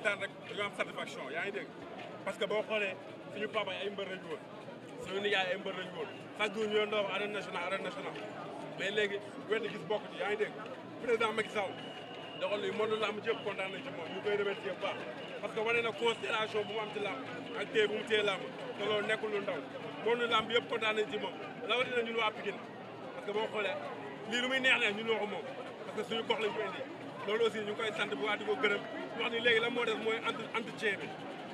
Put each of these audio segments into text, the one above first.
kontaan rek di nga am yaa ngi dégg parce que boo xoolee suñu papa ay mbër lañu woon suñu nijaay ay mbër lañu woon chaque jour ñoo doon arène nationale arène mais léegi gis bokk ci yaa ngi dégg président Macky Sall doxal yi mënul am jëpp kontaan nañ ci moom ñu koy remercier bu baax parce que na considération bu mu am ci làmb ak téye bu mu téye làmb te loolu nekkul lu ndaw mënul làmb yëpp kontaan nañ ci moom na ñun waa Pikine parce boo xoolee lii lu muy neex neex ñun waxu moom parce suñu gox lañ ko indi loolu aussi ñu koy sant bu baax di ko wax ni léegi la moo des mooy entretien bi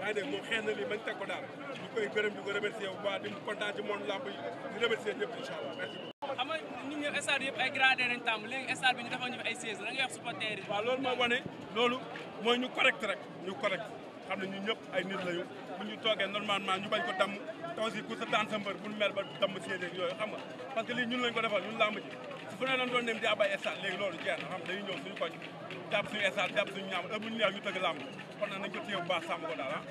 waaye dégg moom xeex na lii bañ teg ko daal ñu koy gërëm di ko remercier bu baax di kontaan ci yëpp ay gradé nañ tàmm léegi stade bi ñu defal ñu fi ay sièges da ngay wax supporter yi. waaw loolu mooy wane loolu mooy ñu correct rek ñu correct. am ne ñun ñëpp ay nit lañu bu ñu toogee normalement ñu bañ ko damm aussi ku sa daan sa mbër bul mer ba damm séeréer yooyu xam nga ñun lañ ko defal ñun làmb ji su fu dem di abay stade léegi loolu jeex na xam dañuy ñëw suñu koñ jàpp suñu stade jàpp suñu ñaam heure bu ñu neex ñu tëgg làmb kon nag nañ ko téye bu baax sàmm ko daal ah.